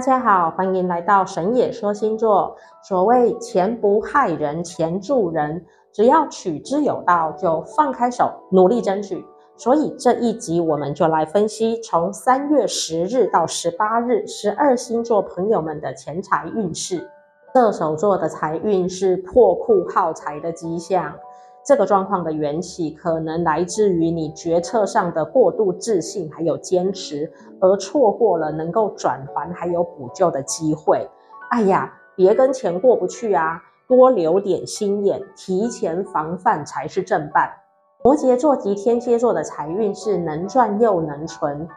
大家好，歡迎來到神野說星座。所謂錢不害人，錢助人，只要取之有道，就放開手，努力爭取。所以這一集我們就來分析從三月十日到十八日十二星座朋友們的錢財運勢。射手座的財運是破庫耗財的跡象。這個狀況的緣起，可能來自於你決策上的過度自信，還有堅持，而錯過了能夠轉圜還有補救的機會。哎呀，別跟錢過不去啊，多留點心眼，提前防範才是正辦。摩羯座及天蠍座的財運是能賺又能存。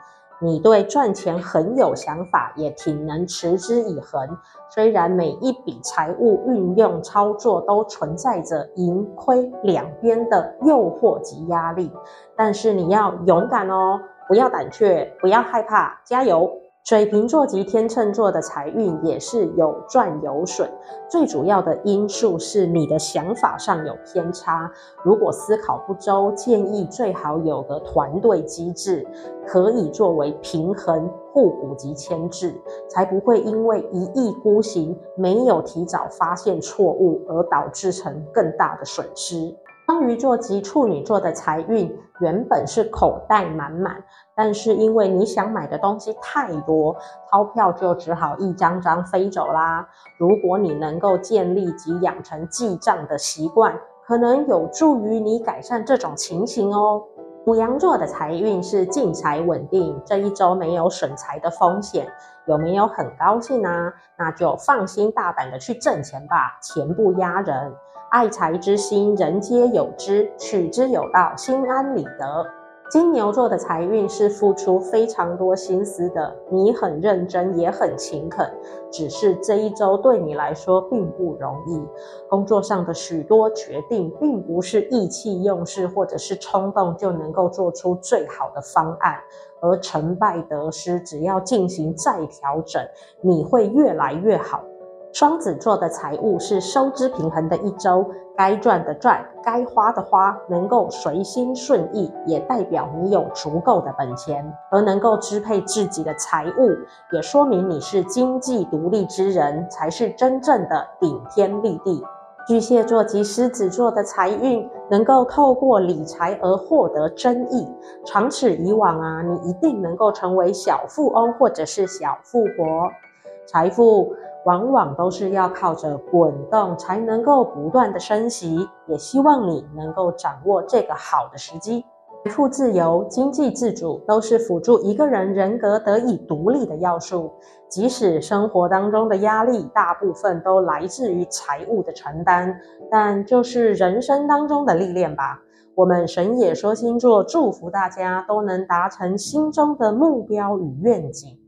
你對賺錢很有想法，也挺能持之以恆。雖然每一筆財務運用操作都存在着盈虧兩邊的誘惑及壓力，但是你要勇敢哦，不要膽怯，不要害怕，加油！水瓶座及天秤座的財運也是有賺有損，最主要的因素是你的想法上有偏差。如果思考不周，建議最好有個團隊機制，可以作為平衡、互補及牽制，才不會因為一意孤行，沒有提早發現錯誤，而導致成更大的損失。雙魚座及處女座的財運原本是口袋滿滿，但是因為你想買的東西太多，鈔票就只好一張張飛走啦。如果你能夠建立及養成記賬的習慣，可能有助於你改善這種情形哦。牡羊座的財運是進財穩定，這一周沒有損財的風險，有沒有很高興呢、啊？那就放心大膽的去掙錢吧，錢不壓人，愛財之心，人皆有之，取之有道，心安理得。金牛座的財運是付出非常多心思的，你很認真也很勤懇，只是這一周對你來說並不容易。工作上的許多決定，並不是意氣用事或者是衝動就能夠做出最好的方案，而成敗得失，只要進行再調整，你會越來越好。雙子座的財務是收支平衡的一周，該賺的賺，該花的花，能夠隨心順意，也代表你有足夠的本錢，而能夠支配自己的財務，也說明你是經濟獨立之人，才是真正的頂天立地。巨蟹座及獅子座的財運能夠透過理財而獲得爭議，長此以往啊，你一定能夠成為小富翁或者是小富婆，財富，往往都是要靠着滾動才能夠不斷的升息，也希望你能夠掌握這個好的時機。財富自由、經濟自主都是輔助一個人人格得以獨立的要素。即使生活當中的壓力大部分都來自於財務的承擔，但就是人生當中的歷練吧。我們神野說星座祝福大家都能達成心中的目標與願景。